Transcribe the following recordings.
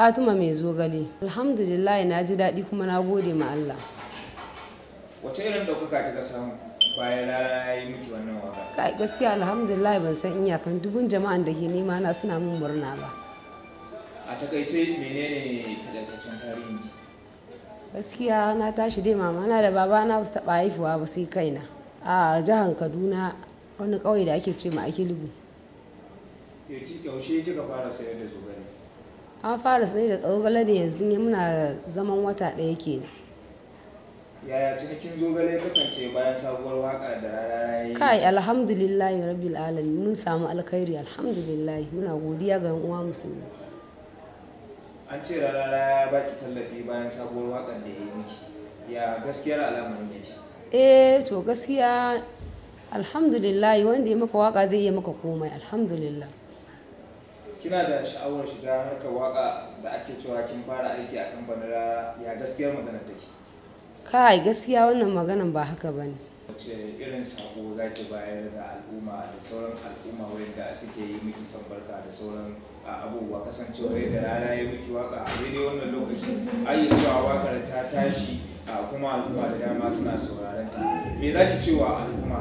Fatima mai zogale. Alhamdulillah na ji daɗi kuma na gode ma Allah. Wace irin ɗaukaka ta samu bayan rara ya yi miki wannan waka? Kai gaskiya alhamdulillah ban san iyakan dubun jama'an da ke nema na suna min murna ba. A takaice menene takaitaccen tarihin Gaskiya na tashi dai mama na da baba na su taɓa haifuwa ba sai kaina. A jihar Kaduna wani ƙauye da ake ce ma Akilbu. Yaushe kika fara sayar da zogale? an fara sai da tsogale da yanzu ne muna zaman wata ɗaya kenan yaya cinikin zogale kasance bayan sabuwar waka da rarayi kai alhamdulillah rabbil alamin mun samu alkhairi alhamdulillah muna godiya ga uwa musulmi an ce rarara ya baki tallafi bayan sabuwar waka da ya yi miki ya gaskiyar al'amarin yake eh to gaskiya alhamdulillah wanda ya maka waka zai iya maka komai alhamdulillah kina da sha'awar shiga harkar waka da ake cewa kin fara aiki a kamfanin ya gaskiya magana take kai gaskiya wannan magana ba haka bane wace irin sako za ki bayar da al'umma da sauran al'umma wanda suke yi miki son barka da sauran abubuwa kasancewar da rana ya miki waka a daidai wannan lokaci cewa wakar ta tashi kuma al'umma da dama suna sauraron ta me za ki cewa al'umma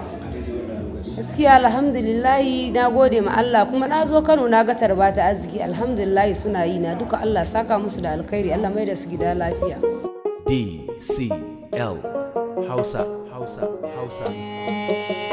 gaskiya alhamdulillahi na gode ma Allah kuma na zo Kano na ga tarba ta arziki alhamdulillahi suna yi na duka Allah saka musu da alkhairi Allah mai da su gida lafiya DCL Hausa Hausa Hausa